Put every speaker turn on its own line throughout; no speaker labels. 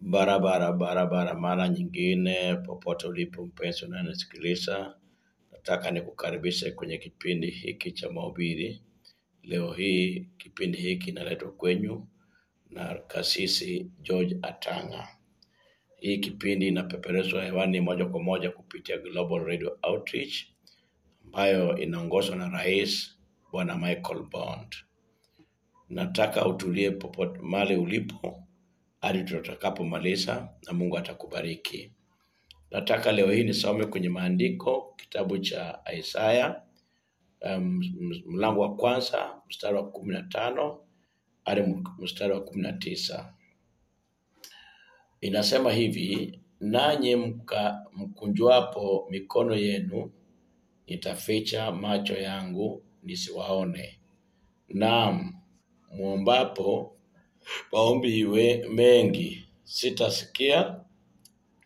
barabara barabara. Mara nyingine, popote ulipo mpenzi unanisikiliza, nataka nikukaribishe kwenye kipindi hiki cha mahubiri. Leo hii kipindi hiki inaletwa kwenyu na Kasisi George Atanga. Hii kipindi inapepereshwa hewani moja kwa moja kupitia Global Radio Outreach ambayo inaongozwa na Rais Bwana Michael Bond. Nataka utulie popote mali ulipo hadi tutakapomaliza na Mungu atakubariki. Nataka leo hii nisome kwenye maandiko kitabu cha Isaya um, mlango wa kwanza mstari wa kumi na tano hadi mstari wa kumi na tisa. Inasema hivi, nanyi mkunjwapo mikono yenu nitaficha macho yangu nisiwaone, naam muombapo maombi iwe mengi, sitasikia.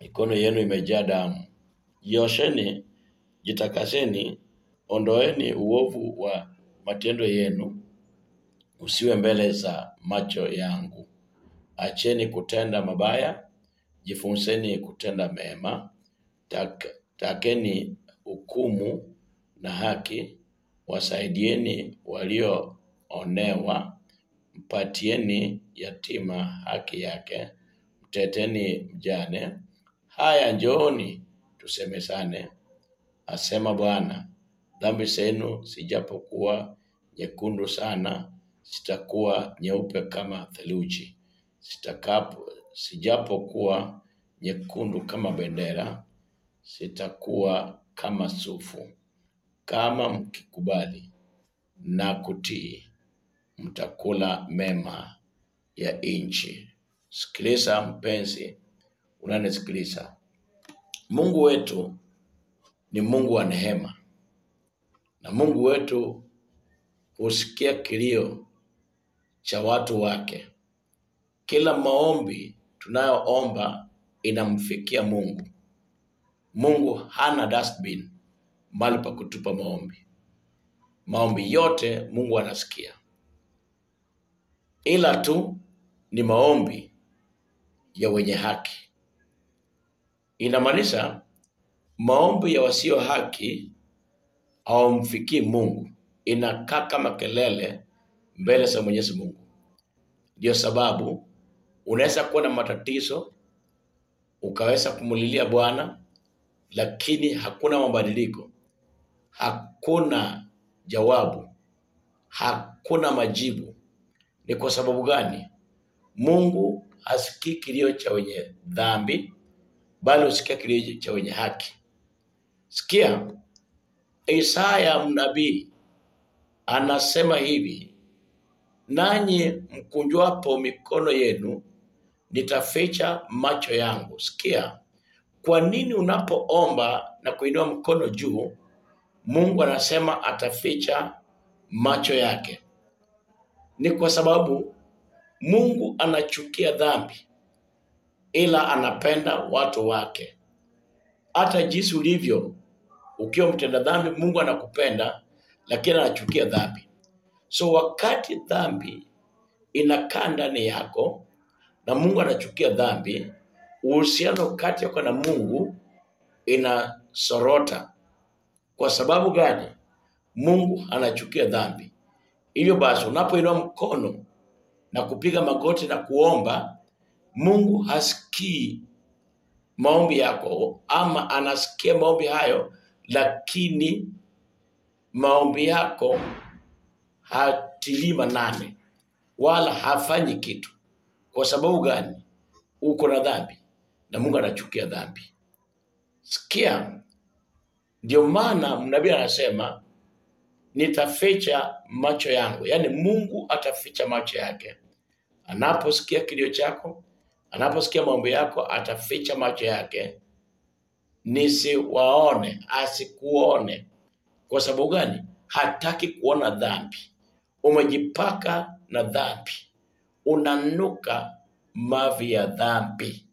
Mikono yenu imejaa damu, jiosheni, jitakaseni, ondoeni uovu wa matendo yenu usiwe mbele za macho yangu. Acheni kutenda mabaya, jifunzeni kutenda mema. Tak, takeni hukumu na haki, wasaidieni walioonewa Mpatieni yatima haki yake, mteteni mjane. Haya, njooni tusemezane, asema Bwana, dhambi zenu sijapokuwa nyekundu sana, zitakuwa nyeupe kama theluji; sitakapo sijapokuwa nyekundu kama bendera, zitakuwa kama sufu. Kama mkikubali na kutii mtakula mema ya nchi. Sikiliza mpenzi unanisikiliza, Mungu wetu ni Mungu wa neema, na Mungu wetu husikia kilio cha watu wake. Kila maombi tunayoomba inamfikia Mungu. Mungu hana dustbin, mahali pa kutupa maombi. Maombi yote Mungu anasikia ila tu ni maombi ya wenye haki. Inamaanisha maombi ya wasio haki hawamfikii Mungu, inakaa kama kelele mbele za Mwenyezi Mungu. ndio sababu unaweza kuwa na matatizo ukaweza kumulilia Bwana, lakini hakuna mabadiliko, hakuna jawabu, hakuna majibu ni kwa sababu gani? Mungu hasikii kilio cha wenye dhambi, bali husikia kilio cha wenye haki. Sikia, Isaya mnabii anasema hivi, nanyi mkunjwapo mikono yenu nitaficha macho yangu. Sikia, kwa nini unapoomba na kuinua mkono juu, Mungu anasema ataficha macho yake? ni kwa sababu Mungu anachukia dhambi, ila anapenda watu wake. Hata jinsi ulivyo, ukiwa mtenda dhambi, Mungu anakupenda, lakini anachukia dhambi. So wakati dhambi inakaa ndani yako na Mungu anachukia dhambi, uhusiano kati yako na Mungu inasorota. Kwa sababu gani? Mungu anachukia dhambi. Hivyo basi, unapoinua mkono na kupiga magoti na kuomba, Mungu hasikii maombi yako, ama anasikia maombi hayo, lakini maombi yako hatilii manane wala hafanyi kitu. Kwa sababu gani? Uko na dhambi na Mungu anachukia dhambi. Sikia, ndio maana mnabii anasema nitaficha macho yangu, yaani Mungu ataficha macho yake. Anaposikia kilio chako, anaposikia maombi yako, ataficha macho yake, nisiwaone, asikuone. Kwa sababu gani? Hataki kuona dhambi. Umejipaka na dhambi, unanuka mavi ya dhambi.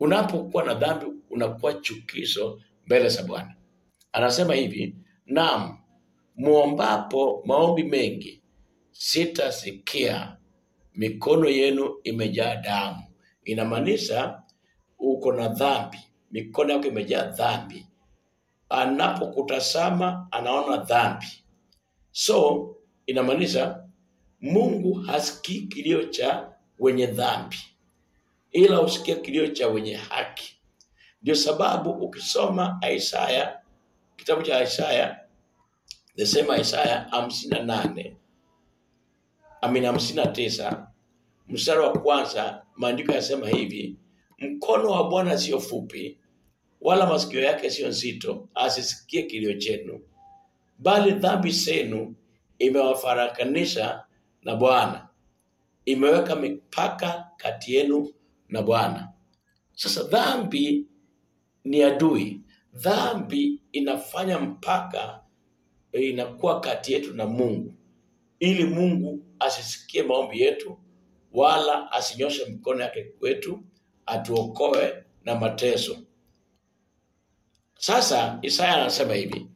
Unapokuwa na dhambi, unakuwa chukizo mbele za Bwana. Anasema hivi, naam muombapo maombi mengi sitasikia, mikono yenu imejaa damu. Inamaanisha uko na dhambi, mikono yako imejaa dhambi. Anapokutazama anaona dhambi, so inamaanisha Mungu hasikii kilio cha wenye dhambi, ila usikia kilio cha wenye haki. Ndio sababu ukisoma Isaya, kitabu cha Isaya nasema Isaya hamsini na nane amina hamsini na tisa mstari wa kwanza maandiko yasema hivi, mkono wa Bwana sio fupi wala masikio yake siyo nzito, asisikie kilio chenu, bali dhambi zenu imewafarakanisha na Bwana, imeweka mipaka kati yenu na Bwana. Sasa dhambi ni adui, dhambi inafanya mpaka Eh, inakuwa kati yetu na Mungu, ili Mungu asisikie maombi yetu wala asinyoshe mkono yake kwetu, atuokoe na mateso. Sasa Isaya anasema hivi,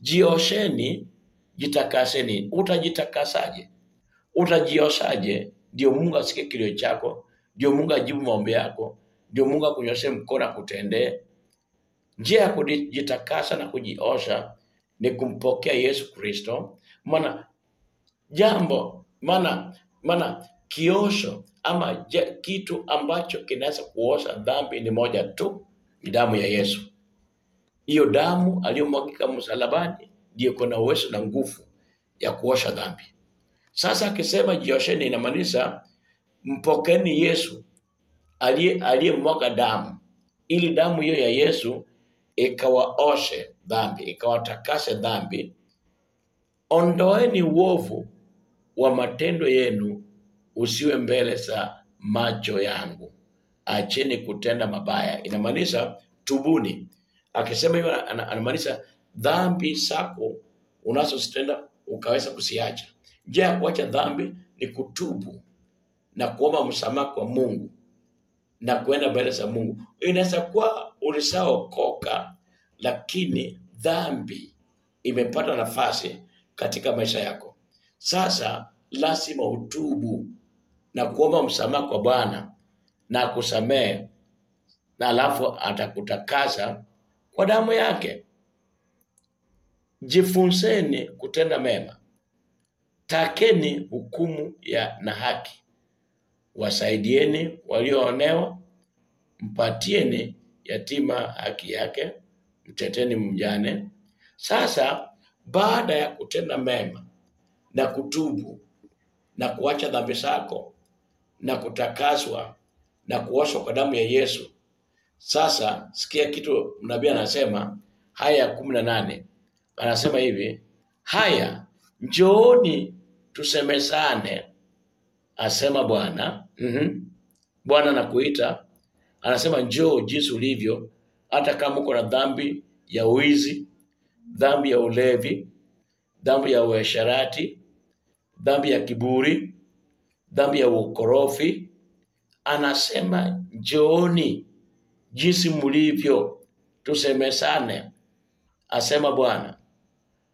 jiosheni, jitakaseni. Utajitakasaje? Utajioshaje? Ndio Mungu asikie kilio chako, ndio Mungu ajibu maombi yako, ndio Mungu akunyoshe mkono akutendee. Njia ya kujitakasa na kujiosha ni kumpokea Yesu Kristo, maana jambo maana maana kiosho ama kitu ambacho kinaweza kuosha dhambi ni moja tu, ni damu ya Yesu. Hiyo damu aliyomwagika msalabani ndiyo kuna uwezo na nguvu ya kuosha dhambi. Sasa akisema jiosheni, inamaanisha mpokeni Yesu aliyemwaga damu, ili damu hiyo ya Yesu ikawaoshe dhambi, ikawatakashe dhambi. Ondoeni uovu wa matendo yenu usiwe mbele za macho yangu, acheni kutenda mabaya. Inamaanisha tubuni. Akisema hivyo, anamaanisha dhambi zako unazozitenda ukaweza kusiacha. Njia ya kuacha dhambi ni kutubu na kuomba msamaha kwa Mungu na kuenda mbele za Mungu. Inaweza kuwa ulishaokoka, lakini dhambi imepata nafasi katika maisha yako. Sasa lazima utubu na kuomba msamaha kwa Bwana na kusamehe, na alafu atakutakasa kwa damu yake. Jifunzeni kutenda mema, takeni hukumu ya na haki wasaidieni walioonewa, mpatieni yatima haki yake, mteteni mjane. Sasa baada ya kutenda mema na kutubu na kuacha dhambi zako na kutakaswa na kuoshwa kwa damu ya Yesu, sasa sikia kitu mnabii anasema, haya ya kumi na nane anasema hivi, haya njooni tusemezane, asema Bwana, mm -hmm. Bwana anakuita anasema, njoo jinsi ulivyo, hata kama uko na dhambi ya uizi, dhambi ya ulevi, dhambi ya uasharati, dhambi ya kiburi, dhambi ya ukorofi. Anasema njooni jinsi mlivyo, tusemesane, asema Bwana,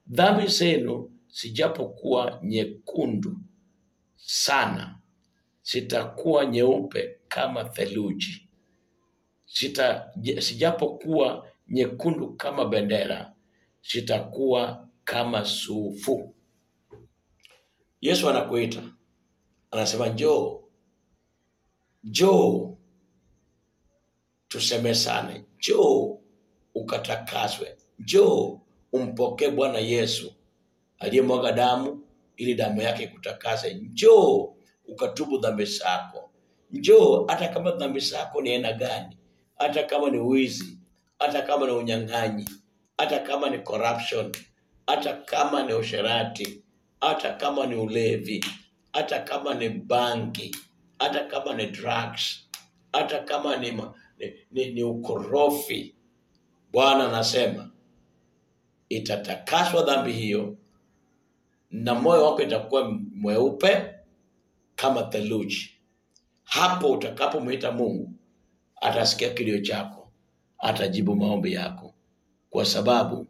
dhambi zenu sijapokuwa nyekundu sana zitakuwa nyeupe kama theluji, sita sijapokuwa nyekundu kama bendera, zitakuwa kama sufu. Yesu anakuita anasema, njoo, njoo tusemesane, njoo ukatakaswe, njoo umpokee Bwana Yesu aliyemwaga damu ili damu yake ikutakase njoo ukatubu dhambi zako. Njoo, hata kama dhambi zako ni aina gani, hata kama ni wizi, hata kama ni unyang'anyi, hata kama ni corruption, hata kama ni usherati, hata kama ni ulevi, hata kama ni bangi, hata kama ni drugs, hata kama ni, ma, ni, ni, ni ukorofi. Bwana anasema itatakaswa dhambi hiyo na moyo wako itakuwa mweupe kama theluji. Hapo utakapomwita Mungu atasikia kilio chako, atajibu maombi yako, kwa sababu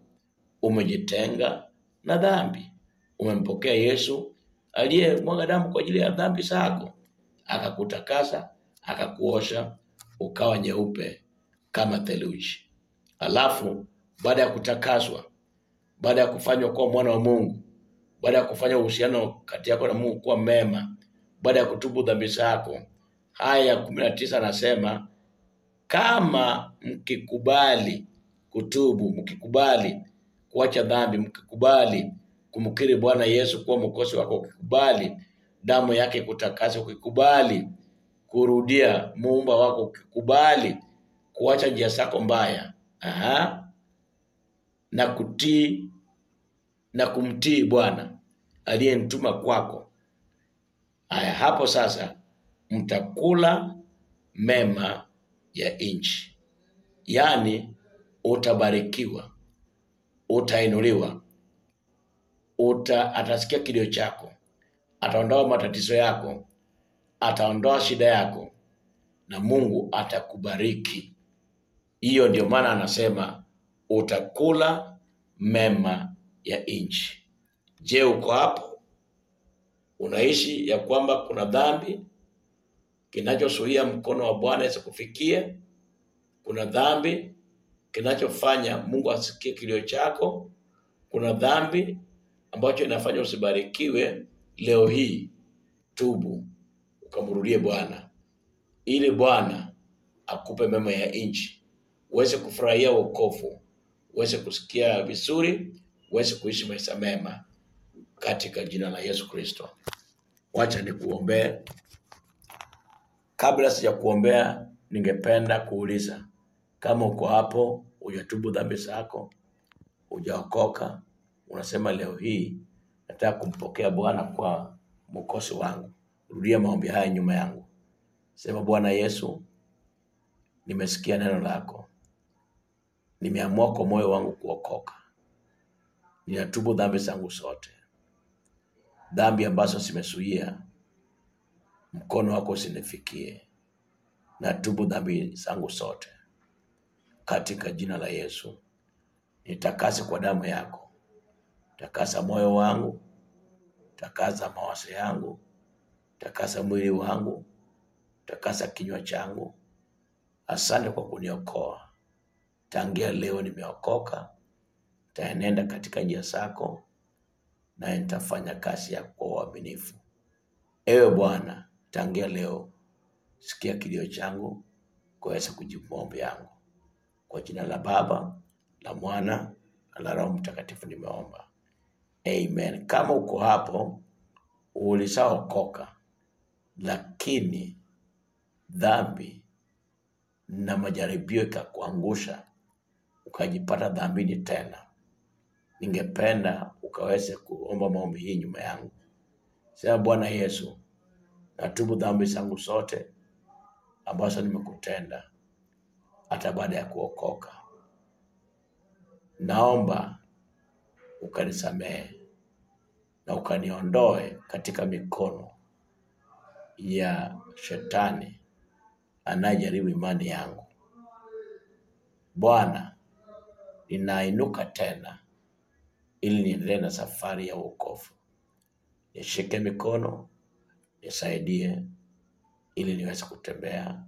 umejitenga na dhambi. Umempokea Yesu aliyemwaga damu kwa ajili ya dhambi zako, akakutakasa, akakuosha, ukawa nyeupe kama theluji. Alafu baada ya kutakaswa, baada ya kufanywa kuwa mwana wa Mungu, baada ya kufanya uhusiano kati yako na Mungu kuwa mema baada ya kutubu dhambi zako. Haya ya kumi na tisa anasema kama mkikubali kutubu, mkikubali kuacha dhambi, mkikubali kumkiri Bwana Yesu kuwa mkosi wako, ukikubali damu yake kutakasa, ukikubali kurudia muumba wako, ukikubali kuacha njia zako mbaya, aha, na kutii na kumtii Bwana aliyenituma kwako Haya, hapo sasa mtakula mema ya nchi, yaani utabarikiwa, utainuliwa, uta atasikia kilio chako, ataondoa matatizo yako, ataondoa shida yako, na Mungu atakubariki. Hiyo ndio maana anasema utakula mema ya nchi. Je, uko hapo? unaishi ya kwamba kuna dhambi kinachozuia mkono wa Bwana isikufikie, kuna dhambi kinachofanya Mungu asikie kilio chako, kuna dhambi ambacho inafanya usibarikiwe. Leo hii tubu, ukamrudie Bwana ili Bwana akupe mema ya nchi, uweze kufurahia wokovu, uweze kusikia vizuri, uweze kuishi maisha mema katika jina la Yesu Kristo. Wacha nikuombee. Kabla sija kuombea, ningependa kuuliza kama uko hapo, hujatubu dhambi zako, hujaokoka, unasema leo hii nataka kumpokea Bwana kwa mwokozi wangu, rudia maombi haya nyuma yangu. Sema, Bwana Yesu, nimesikia neno lako, nimeamua kwa moyo wangu kuokoka, ninatubu dhambi zangu zote dhambi ambazo zimezuia mkono wako usinifikie, na tubu dhambi zangu zote katika jina la Yesu. Nitakase kwa damu yako, takasa moyo wangu, takasa mawazo yangu, takasa mwili wangu, takasa kinywa changu. Asante kwa kuniokoa. Tangia leo nimeokoka, taenenda katika njia zako naye nitafanya kazi yako kwa uaminifu. Ewe Bwana, tangia leo sikia kilio changu kuweza kujibu maombi yangu. Kwa jina la Baba, la Mwana na la Roho Mtakatifu nimeomba, amen. Kama uko hapo ulishaokoka, lakini dhambi na majaribio ikakuangusha ukajipata dhambini tena, ningependa kaweze kuomba maombi hii nyuma yangu. Sema Bwana Yesu, natubu dhambi zangu zote ambazo nimekutenda hata baada ya kuokoka. Naomba ukanisamehe na ukaniondoe katika mikono ya shetani anayejaribu imani yangu. Bwana, ninainuka tena ili niendelee na safari ya wokovu. Nishike mikono, nisaidie ili niweze kutembea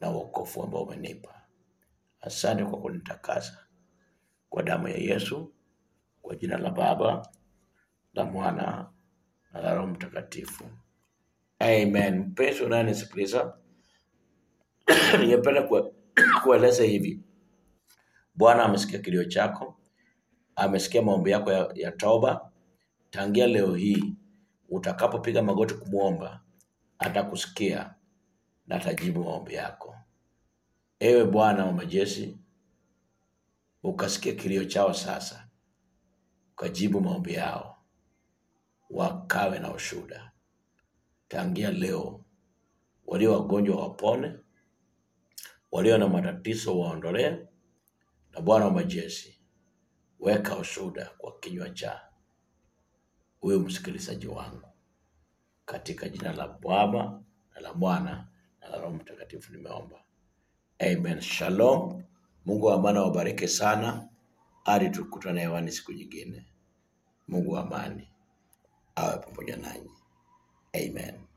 na wokovu ambao umenipa. Asante kwa kunitakasa kwa damu ya Yesu, kwa jina la Baba la Mwana na la Roho Mtakatifu. Amen. Mpenzi unayenisikiliza, ningependa kueleza hivi: Bwana amesikia kilio chako amesikia maombi yako ya, ya toba tangia leo hii utakapopiga magoti kumwomba atakusikia na atajibu maombi yako. Ewe Bwana wa majeshi, ukasikia kilio chao sasa, ukajibu maombi yao, wakawe na ushuhuda tangia leo. Walio wagonjwa wapone, walio na matatizo waondolee, na Bwana wa majeshi weka ushuhuda kwa kinywa cha huyu msikilizaji wangu, katika jina la Baba na la Mwana na la Roho Mtakatifu nimeomba, amen. Shalom. Mungu wa amani awabariki sana, hadi tukutane hewani siku nyingine. Mungu wa amani awe pamoja nanyi, amen.